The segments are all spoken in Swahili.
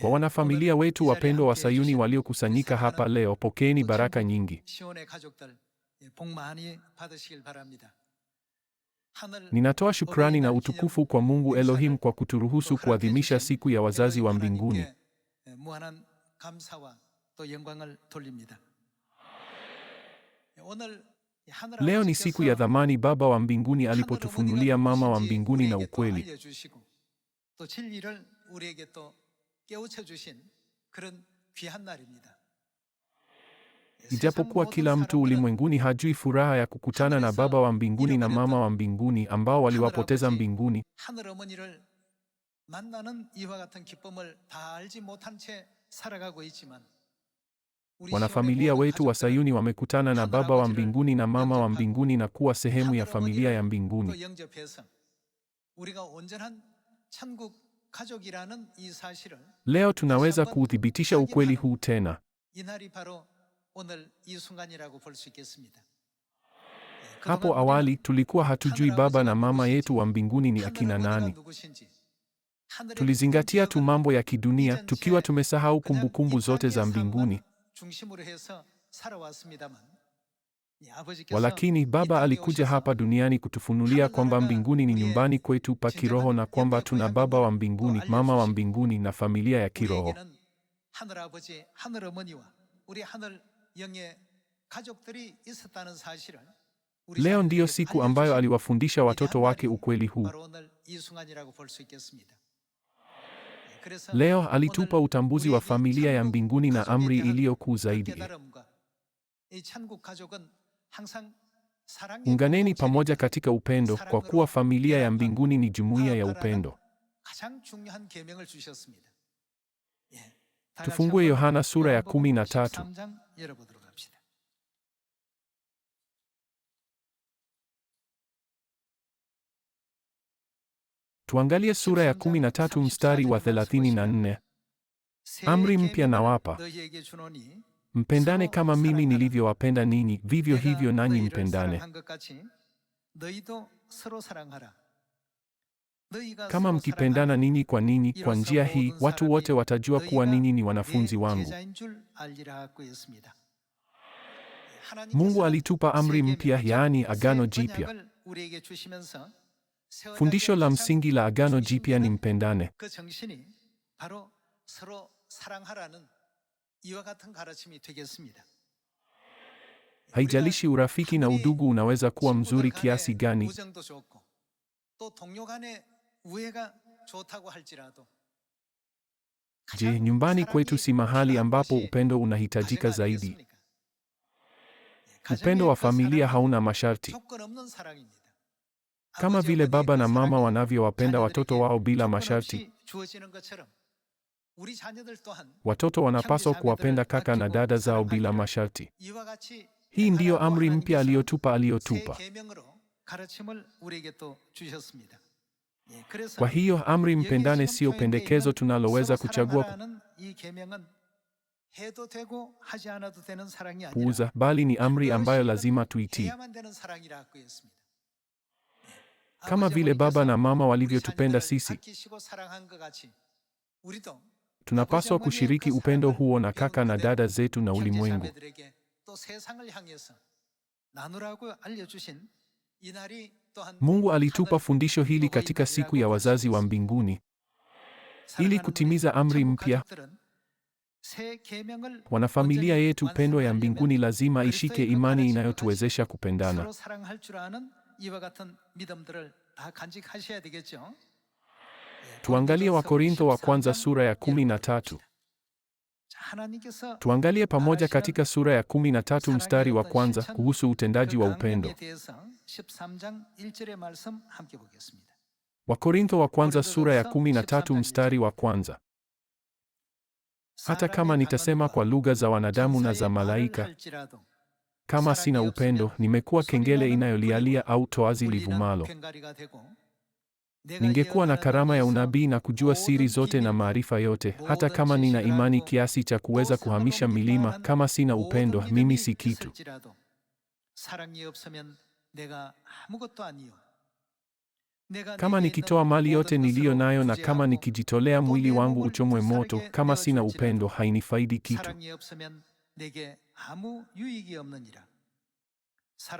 Kwa wanafamilia wetu wapendwa wa Sayuni waliokusanyika hapa leo, pokeeni baraka nyingi. Ninatoa shukrani na utukufu kwa Mungu Elohim kwa kuturuhusu kuadhimisha siku ya wazazi wa mbinguni. Leo ni siku ya dhamani. Baba wa mbinguni alipotufunulia mama wa mbinguni na ukweli 깨우쳐 주신 그런 귀한 날입니다. Ijapokuwa kila mtu ulimwenguni hajui furaha ya kukutana na Baba wa mbinguni na Mama wa mbinguni ambao waliwapoteza mbinguni, wanafamilia wetu wa Sayuni wamekutana na Baba wa mbinguni na Mama wa mbinguni na kuwa sehemu ya familia ya mbinguni. Leo tunaweza kuuthibitisha ukweli huu tena. Hapo awali tulikuwa hatujui Baba na Mama yetu wa mbinguni ni akina nani. Tulizingatia tu mambo ya kidunia tukiwa tumesahau kumbukumbu zote za mbinguni. Walakini Baba alikuja hapa duniani kutufunulia kwamba mbinguni ni nyumbani kwetu pa kiroho na kwamba tuna Baba wa mbinguni, Mama wa mbinguni na familia ya kiroho. Leo ndiyo siku ambayo aliwafundisha watoto wake ukweli huu. Leo alitupa utambuzi wa familia ya mbinguni na amri iliyo kuu zaidi. Unganeni pamoja katika upendo, kwa kuwa familia ya mbinguni ni jumuiya ya upendo. Tufungue Yohana sura ya kumi na tatu. Tuangalie sura ya kumi na tatu mstari wa thelathini na nne. Amri mpya nawapa Mpendane kama mimi nilivyowapenda ninyi, vivyo hivyo nanyi mpendane. Kama mkipendana ninyi kwa ninyi kwa njia hii, watu wote watajua kuwa ninyi ni wanafunzi wangu. Mungu alitupa amri mpya, yaani agano jipya. Fundisho la msingi la agano jipya ni mpendane. 이와 같은 가르침이 되겠습니다. Haijalishi urafiki na udugu unaweza kuwa mzuri kiasi gani, je, nyumbani kwetu si mahali ambapo upendo unahitajika zaidi? Upendo wa familia hauna masharti, kama vile baba na mama wanavyowapenda watoto wao bila masharti. Watoto wanapaswa kuwapenda kaka na dada zao bila masharti. Hii ndiyo amri mpya aliyotupa aliyotupa. Kwa hiyo amri mpendane siyo pendekezo tunaloweza kuchagua puuza, bali ni amri ambayo lazima tuitii. Kama vile baba na mama walivyotupenda sisi. Tunapaswa kushiriki upendo huo na kaka na dada zetu na ulimwengu. Mungu alitupa fundisho hili katika siku ya wazazi wa mbinguni ili kutimiza amri mpya. Wanafamilia yetu pendwa ya mbinguni lazima ishike imani inayotuwezesha kupendana. Tuangalie Wakorintho wa kwanza sura ya kumi na tatu. Tuangalie pamoja katika sura ya kumi na tatu mstari wa kwanza kuhusu utendaji wa upendo. Wakorintho wa kwanza sura ya kumi na tatu mstari wa kwanza. Hata kama nitasema kwa lugha za wanadamu na za malaika, kama sina upendo, nimekuwa kengele inayolialia au toazi livumalo. Ningekuwa na karama ya unabii na kujua siri zote na maarifa yote, hata kama nina imani kiasi cha kuweza kuhamisha milima, kama sina upendo, mimi si kitu. Kama nikitoa mali yote niliyo nayo na kama nikijitolea mwili wangu uchomwe moto, kama sina upendo hainifaidi kitu.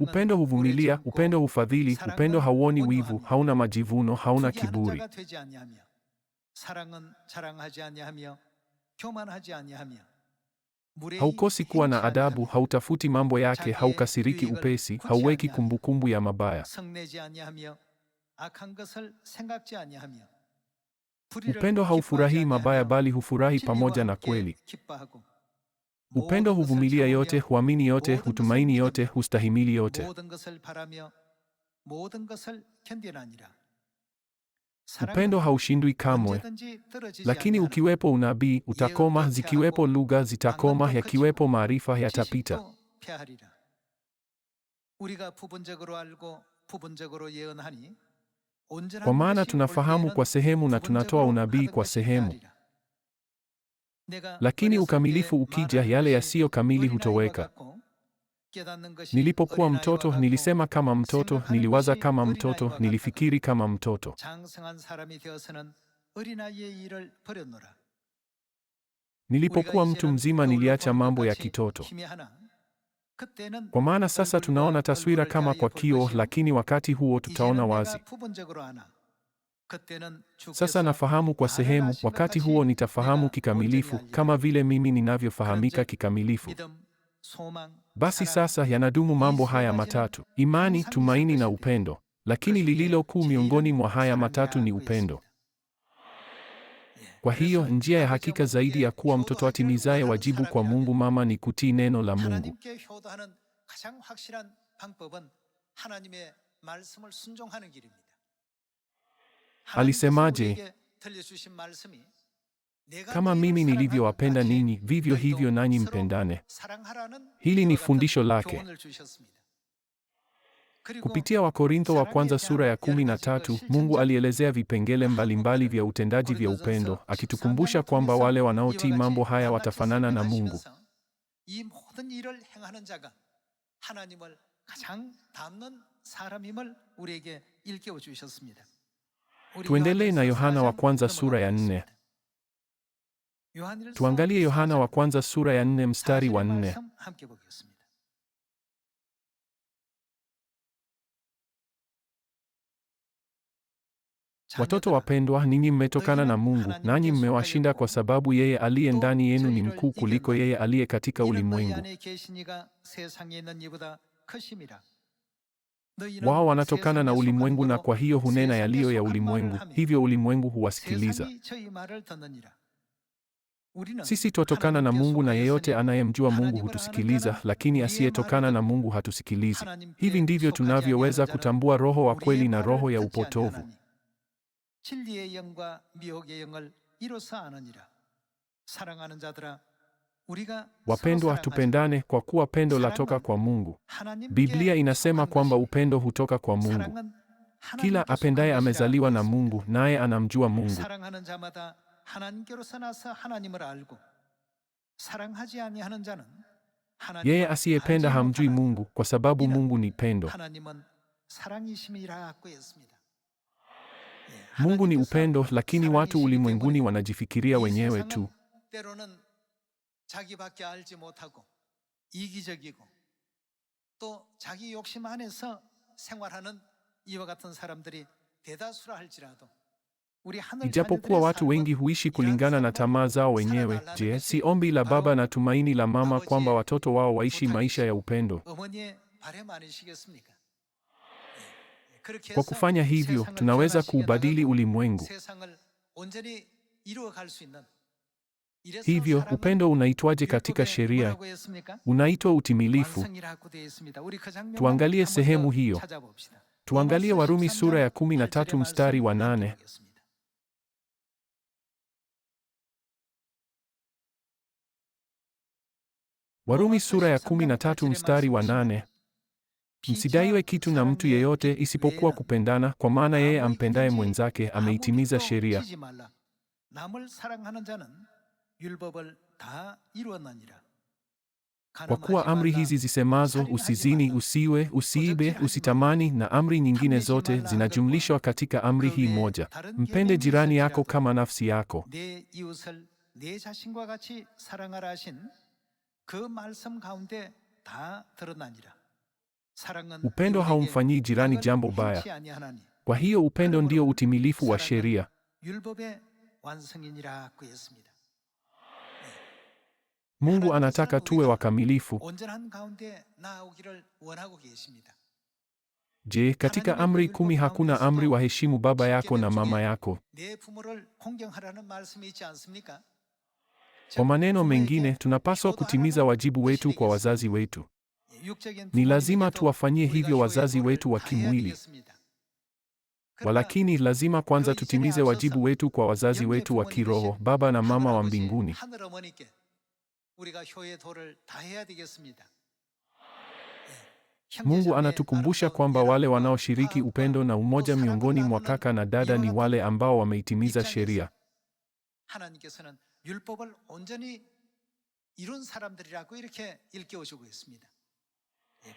Upendo huvumilia, upendo hufadhili, upendo hauoni wivu, hauna majivuno, hauna kiburi. Haukosi kuwa na adabu, hautafuti mambo yake, haukasiriki upesi, hauweki kumbukumbu ya mabaya. Upendo haufurahii mabaya bali hufurahi pamoja na kweli. Upendo huvumilia yote, huamini yote, hutumaini yote, hustahimili yote. Upendo haushindwi kamwe. Lakini ukiwepo unabii utakoma, zikiwepo lugha zitakoma, yakiwepo maarifa yatapita. Kwa maana tunafahamu kwa sehemu na tunatoa unabii kwa sehemu. Lakini ukamilifu ukija, yale yasiyo kamili hutoweka. Nilipokuwa mtoto, nilisema kama mtoto, niliwaza kama mtoto, nilifikiri kama mtoto. Nilipokuwa mtu mzima, niliacha mambo ya kitoto. Kwa maana sasa tunaona taswira kama kwa kioo, lakini wakati huo tutaona wazi. Sasa nafahamu kwa sehemu, wakati huo nitafahamu kikamilifu kama vile mimi ninavyofahamika kikamilifu. Basi sasa yanadumu mambo haya matatu: imani, tumaini na upendo. Lakini lililo kuu miongoni mwa haya matatu ni upendo. Kwa hiyo njia ya hakika zaidi ya kuwa mtoto atimizaye wajibu kwa Mungu Mama ni kutii neno la Mungu. Alisemaje? Kama mimi nilivyowapenda ninyi, vivyo hivyo nanyi mpendane. Hili ni fundisho lake kupitia Wakorintho wa kwanza sura ya kumi na tatu. Mungu alielezea vipengele mbalimbali vya utendaji vya upendo, akitukumbusha kwamba wale wanaotii mambo haya watafanana na Mungu. Tuendelee na Yohana wa kwanza sura ya nne. Tuangalie Yohana wa kwanza sura ya nne mstari wa nne. Watoto wapendwa, ninyi mmetokana na Mungu nanyi mmewashinda, kwa sababu yeye aliye ndani yenu ni mkuu kuliko yeye aliye katika ulimwengu. Wao wanatokana na ulimwengu na kwa hiyo hunena yaliyo ya ulimwengu, hivyo ulimwengu huwasikiliza. Sisi twatokana na Mungu na yeyote anayemjua Mungu hutusikiliza, lakini asiyetokana na Mungu hatusikilizi. Hivi ndivyo tunavyoweza kutambua roho wa kweli na roho ya upotovu. Wapendwa, tupendane kwa kuwa pendo latoka kwa Mungu. Biblia inasema kwamba upendo hutoka kwa Mungu. Kila apendaye amezaliwa na Mungu, naye anamjua Mungu. Yeye asiyependa hamjui Mungu, kwa sababu Mungu ni pendo. Mungu ni upendo, lakini watu ulimwenguni wanajifikiria wenyewe tu. 자기밖에 알지 못하고 이기적이고 또 자기 욕심 안에서 생활하는 이와 같은 사람들이 대다수라 할지라도 Ijapokuwa watu wengi huishi kulingana na tamaa zao wenyewe. Je, si ombi la baba na tumaini la mama kwamba watoto wao waishi maisha ya upendo? Kwa kufanya hivyo, tunaweza kuubadili ulimwengu. Hivyo upendo unaitwaje katika sheria? Unaitwa utimilifu. Tuangalie sehemu hiyo. Tuangalie Warumi sura ya 13 mstari wa nane. Warumi sura ya 13 mstari wa 8. Msidaiwe kitu na mtu yeyote isipokuwa kupendana, kwa maana yeye ampendaye mwenzake ameitimiza sheria. Kwa kuwa amri hizi zisemazo, usizini, usiwe, usiibe, usitamani, na amri nyingine zote zinajumlishwa katika amri hii moja: mpende jirani yako kama nafsi yako. Upendo haumfanyii jirani jambo baya. Kwa hiyo upendo ndio utimilifu wa sheria. Mungu anataka tuwe wakamilifu. Je, katika amri kumi hakuna amri waheshimu baba yako na mama yako? Kwa maneno mengine, tunapaswa kutimiza wajibu wetu kwa wazazi wetu. Ni lazima tuwafanyie hivyo wazazi wetu wa kimwili. Walakini lazima kwanza tutimize wajibu wetu kwa wazazi wetu wa kiroho, baba na mama wa mbinguni. 우리가 효의 도를 다해야 되겠습니다. Mungu anatukumbusha kwamba wale wanaoshiriki upendo na umoja miongoni mwa kaka na dada ni wale ambao wameitimiza sheria.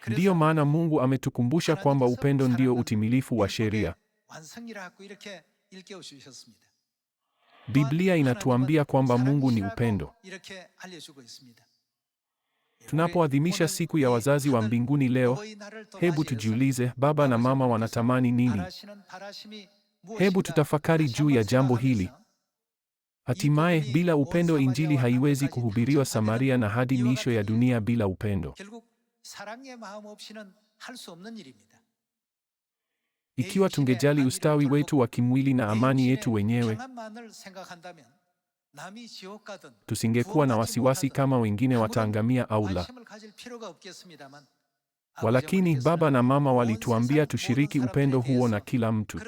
Ndiyo maana Mungu ametukumbusha kwamba upendo ndio utimilifu wa sheria. Biblia inatuambia kwamba Mungu ni upendo. Tunapoadhimisha siku ya wazazi wa mbinguni leo, hebu tujiulize, baba na mama wanatamani nini? Hebu tutafakari juu ya jambo hili. Hatimaye, bila upendo injili haiwezi kuhubiriwa Samaria na hadi miisho ya dunia bila upendo. Ikiwa tungejali ustawi wetu wa kimwili na amani yetu wenyewe, tusingekuwa na wasiwasi kama wengine wataangamia au la. Walakini baba na mama walituambia tushiriki upendo huo na kila mtu.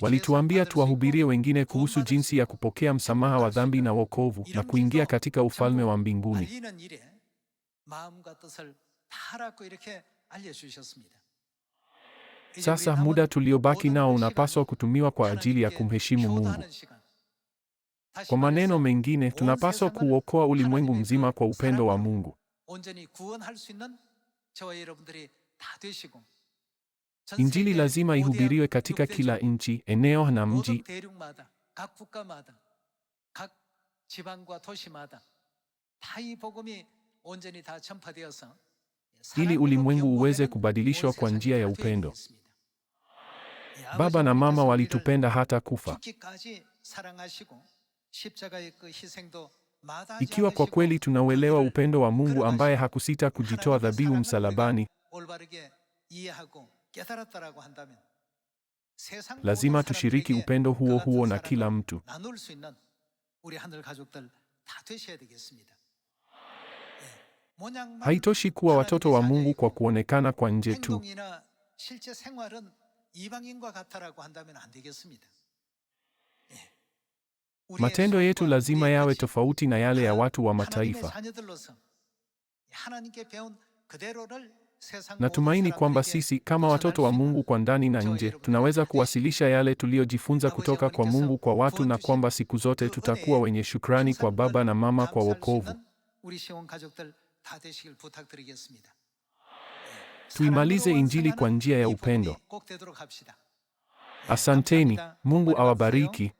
Walituambia tuwahubirie wengine kuhusu jinsi ya kupokea msamaha wa dhambi na wokovu na kuingia katika ufalme wa mbinguni. Sasa muda tuliobaki nao unapaswa kutumiwa kwa ajili ya kumheshimu Mungu. Kwa maneno mengine, tunapaswa kuokoa ulimwengu mzima kwa upendo wa Mungu. Injili lazima ihubiriwe katika kila nchi, eneo na mji ili ulimwengu uweze kubadilishwa kwa njia ya upendo. Baba na mama walitupenda hata kufa. Ikiwa kwa kweli tunauelewa upendo wa Mungu ambaye hakusita kujitoa dhabihu msalabani, lazima tushiriki upendo huo huo na kila mtu. Haitoshi kuwa watoto wa Mungu kwa kuonekana kwa nje tu. Eh, Matendo yetu lazima yawe tofauti na yale ya watu wa mataifa. Natumaini kwamba sisi kama watoto wa Mungu kwa ndani na nje tunaweza kuwasilisha yale tuliyojifunza kutoka kwa Mungu kwa watu na kwamba siku zote tutakuwa wenye shukrani kwa baba na mama kwa wokovu. Tuimalize Injili kwa njia ya upendo. Asanteni. Mungu awabariki.